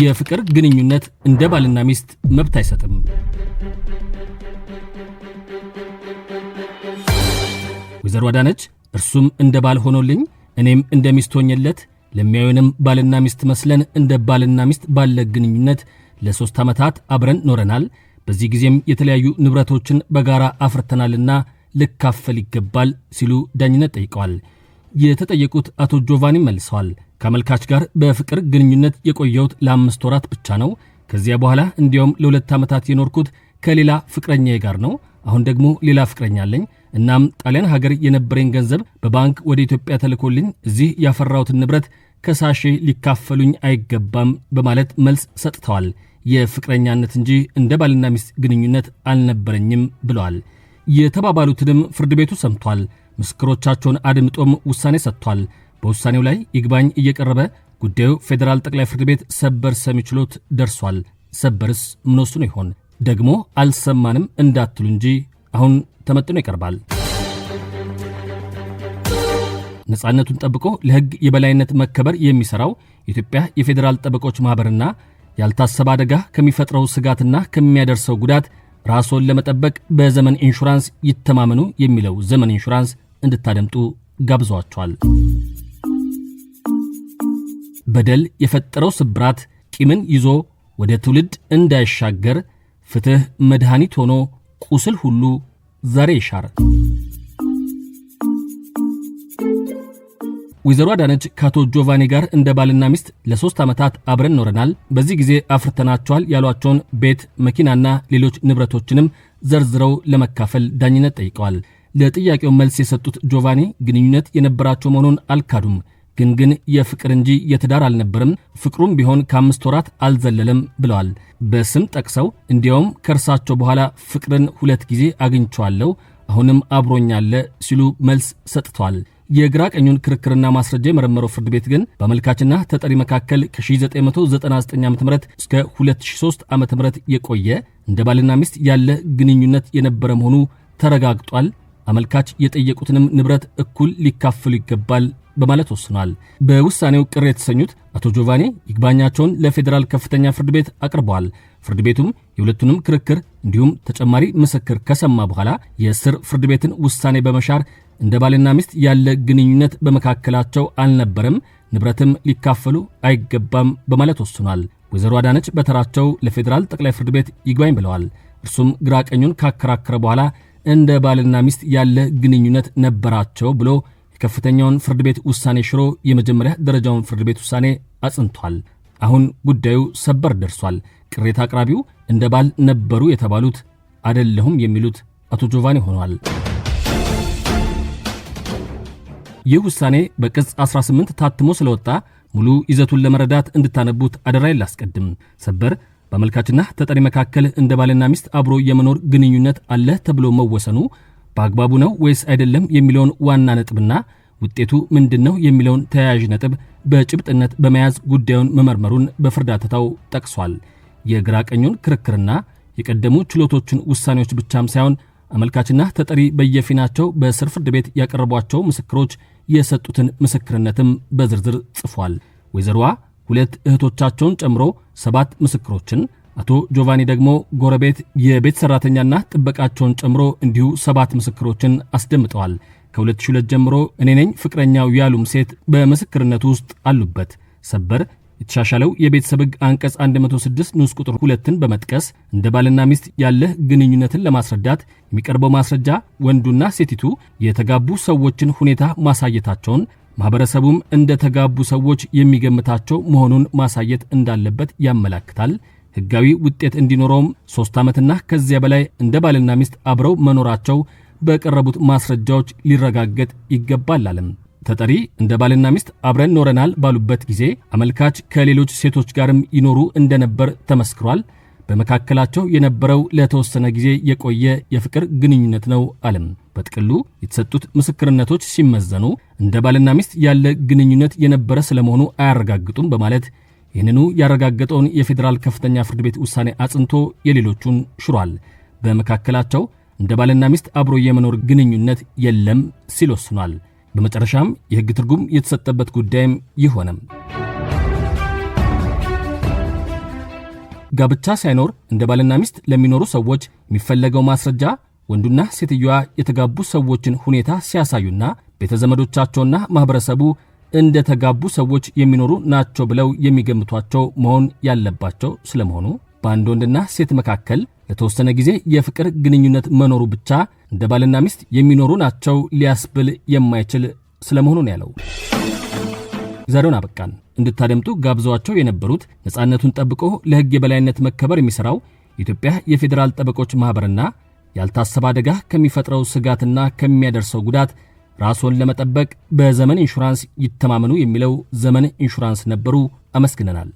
የፍቅር ግንኙነት እንደ ባልና ሚስት መብት አይሰጥም። ወይዘሮ አዳነች እርሱም እንደ ባል ሆኖልኝ እኔም እንደ ሚስት ሆኜለት ለሚያዩንም ባልና ሚስት መስለን እንደ ባልና ሚስት ባለ ግንኙነት ለሦስት ዓመታት አብረን ኖረናል። በዚህ ጊዜም የተለያዩ ንብረቶችን በጋራ አፍርተናልና ልካፈል ይገባል ሲሉ ዳኝነት ጠይቀዋል። የተጠየቁት አቶ ጆቫኒ መልሰዋል። ከአመልካች ጋር በፍቅር ግንኙነት የቆየሁት ለአምስት ወራት ብቻ ነው። ከዚያ በኋላ እንዲያውም ለሁለት ዓመታት የኖርኩት ከሌላ ፍቅረኛዬ ጋር ነው። አሁን ደግሞ ሌላ ፍቅረኛ አለኝ። እናም ጣሊያን ሀገር የነበረኝ ገንዘብ በባንክ ወደ ኢትዮጵያ ተልኮልኝ እዚህ ያፈራሁትን ንብረት ከሳሼ ሊካፈሉኝ አይገባም በማለት መልስ ሰጥተዋል። የፍቅረኛነት እንጂ እንደ ባልና ሚስት ግንኙነት አልነበረኝም ብለዋል። የተባባሉትንም ፍርድ ቤቱ ሰምቷል። ምስክሮቻቸውን አድምጦም ውሳኔ ሰጥቷል። በውሳኔው ላይ ይግባኝ እየቀረበ ጉዳዩ ፌዴራል ጠቅላይ ፍርድ ቤት ሰበር ሰሚ ችሎት ደርሷል። ሰበርስ ምን ነው ይሆን? ደግሞ አልሰማንም እንዳትሉ እንጂ አሁን ተመጥኖ ይቀርባል። ነፃነቱን ጠብቆ ለሕግ የበላይነት መከበር የሚሠራው የኢትዮጵያ የፌዴራል ጠበቆች ማኅበርና ያልታሰበ አደጋ ከሚፈጥረው ስጋትና ከሚያደርሰው ጉዳት ራስዎን ለመጠበቅ በዘመን ኢንሹራንስ ይተማመኑ የሚለው ዘመን ኢንሹራንስ እንድታደምጡ ጋብዟቸዋል። በደል የፈጠረው ስብራት ቂምን ይዞ ወደ ትውልድ እንዳይሻገር ፍትሕ መድኃኒት ሆኖ ቁስል ሁሉ ዛሬ ይሻር። ወይዘሮ አዳነች ከአቶ ጆቫኒ ጋር እንደ ባልና ሚስት ለሶስት ዓመታት አብረን ኖረናል። በዚህ ጊዜ አፍርተናቸዋል ያሏቸውን ቤት፣ መኪናና ሌሎች ንብረቶችንም ዘርዝረው ለመካፈል ዳኝነት ጠይቀዋል። ለጥያቄው መልስ የሰጡት ጆቫኒ ግንኙነት የነበራቸው መሆኑን አልካዱም። ግን ግን የፍቅር እንጂ የትዳር አልነበርም፣ ፍቅሩም ቢሆን ከአምስት ወራት አልዘለለም ብለዋል። በስም ጠቅሰው እንዲያውም ከእርሳቸው በኋላ ፍቅርን ሁለት ጊዜ አግኝቸዋለሁ አሁንም አብሮኛለ ሲሉ መልስ ሰጥቷል። የግራ ቀኙን ክርክርና ማስረጃ የመረመረው ፍርድ ቤት ግን በአመልካችና ተጠሪ መካከል ከ1999 ዓ ም እስከ 2003 ዓ ም የቆየ እንደ ባልና ሚስት ያለ ግንኙነት የነበረ መሆኑ ተረጋግጧል። አመልካች የጠየቁትንም ንብረት እኩል ሊካፈሉ ይገባል በማለት ወስኗል። በውሳኔው ቅር የተሰኙት አቶ ጆቫኒ ይግባኛቸውን ለፌዴራል ከፍተኛ ፍርድ ቤት አቅርበዋል። ፍርድ ቤቱም የሁለቱንም ክርክር እንዲሁም ተጨማሪ ምስክር ከሰማ በኋላ የስር ፍርድ ቤትን ውሳኔ በመሻር እንደ ባልና ሚስት ያለ ግንኙነት በመካከላቸው አልነበረም፣ ንብረትም ሊካፈሉ አይገባም በማለት ወስኗል። ወይዘሮ አዳነች በተራቸው ለፌዴራል ጠቅላይ ፍርድ ቤት ይግባኝ ብለዋል። እርሱም ግራቀኙን ካከራከረ በኋላ እንደ ባልና ሚስት ያለ ግንኙነት ነበራቸው ብሎ ከፍተኛውን ፍርድ ቤት ውሳኔ ሽሮ የመጀመሪያ ደረጃውን ፍርድ ቤት ውሳኔ አጽንቷል። አሁን ጉዳዩ ሰበር ደርሷል። ቅሬታ አቅራቢው እንደ ባል ነበሩ የተባሉት አደለሁም የሚሉት አቶ ጆቫኒ ሆኗል። ይህ ውሳኔ በቅጽ 18 ታትሞ ስለወጣ ሙሉ ይዘቱን ለመረዳት እንድታነቡት አደራይ ላስቀድም። ሰበር በአመልካችና ተጠሪ መካከል እንደ ባልና ሚስት አብሮ የመኖር ግንኙነት አለ ተብሎ መወሰኑ በአግባቡ ነው ወይስ አይደለም የሚለውን ዋና ነጥብና ውጤቱ ምንድን ነው የሚለውን ተያያዥ ነጥብ በጭብጥነት በመያዝ ጉዳዩን መመርመሩን በፍርድ ጠቅሷል። የግራ ቀኙን ክርክርና የቀደሙ ችሎቶችን ውሳኔዎች ብቻም ሳይሆን አመልካችና ተጠሪ በየፊናቸው በስር ፍርድ ቤት ያቀረቧቸው ምስክሮች የሰጡትን ምስክርነትም በዝርዝር ጽፏል። ወይዘሮዋ ሁለት እህቶቻቸውን ጨምሮ ሰባት ምስክሮችን አቶ ጆቫኒ ደግሞ ጎረቤት የቤት ሰራተኛና ጥበቃቸውን ጨምሮ እንዲሁ ሰባት ምስክሮችን አስደምጠዋል። ከ2002 ጀምሮ እኔ ነኝ ፍቅረኛው ያሉም ሴት በምስክርነቱ ውስጥ አሉበት። ሰበር የተሻሻለው የቤተሰብ ሕግ አንቀጽ 106 ንዑስ ቁጥር ሁለትን በመጥቀስ እንደ ባልና ሚስት ያለህ ግንኙነትን ለማስረዳት የሚቀርበው ማስረጃ ወንዱና ሴቲቱ የተጋቡ ሰዎችን ሁኔታ ማሳየታቸውን ማኅበረሰቡም እንደ ተጋቡ ሰዎች የሚገምታቸው መሆኑን ማሳየት እንዳለበት ያመላክታል። ህጋዊ ውጤት እንዲኖረውም ሶስት ዓመትና ከዚያ በላይ እንደ ባልና ሚስት አብረው መኖራቸው በቀረቡት ማስረጃዎች ሊረጋገጥ ይገባል አለም። ተጠሪ እንደ ባልና ሚስት አብረን ኖረናል ባሉበት ጊዜ አመልካች ከሌሎች ሴቶች ጋርም ይኖሩ እንደነበር ተመስክሯል። በመካከላቸው የነበረው ለተወሰነ ጊዜ የቆየ የፍቅር ግንኙነት ነው አለም። በጥቅሉ የተሰጡት ምስክርነቶች ሲመዘኑ እንደ ባልና ሚስት ያለ ግንኙነት የነበረ ስለመሆኑ አያረጋግጡም በማለት ይህንኑ ያረጋገጠውን የፌዴራል ከፍተኛ ፍርድ ቤት ውሳኔ አጽንቶ የሌሎቹን ሽሯል። በመካከላቸው እንደ ባልና ሚስት አብሮ የመኖር ግንኙነት የለም ሲል ወስኗል። በመጨረሻም የሕግ ትርጉም የተሰጠበት ጉዳይም ይሆነም ጋብቻ ሳይኖር እንደ ባልና ሚስት ለሚኖሩ ሰዎች የሚፈለገው ማስረጃ ወንዱና ሴትዮዋ የተጋቡ ሰዎችን ሁኔታ ሲያሳዩና ቤተዘመዶቻቸውና ማኅበረሰቡ እንደተጋቡ ሰዎች የሚኖሩ ናቸው ብለው የሚገምቷቸው መሆን ያለባቸው ስለመሆኑ በአንድ ወንድና ሴት መካከል ለተወሰነ ጊዜ የፍቅር ግንኙነት መኖሩ ብቻ እንደ ባልና ሚስት የሚኖሩ ናቸው ሊያስብል የማይችል ስለመሆኑን ያለው ዛሬውን አበቃን። እንድታደምጡ ጋብዘዋቸው የነበሩት ነፃነቱን ጠብቆ ለሕግ የበላይነት መከበር የሚሠራው የኢትዮጵያ የፌዴራል ጠበቆች ማኅበርና ያልታሰበ አደጋ ከሚፈጥረው ስጋትና ከሚያደርሰው ጉዳት ራስዎን ለመጠበቅ በዘመን ኢንሹራንስ ይተማመኑ የሚለው ዘመን ኢንሹራንስ ነበሩ። አመስግነናል።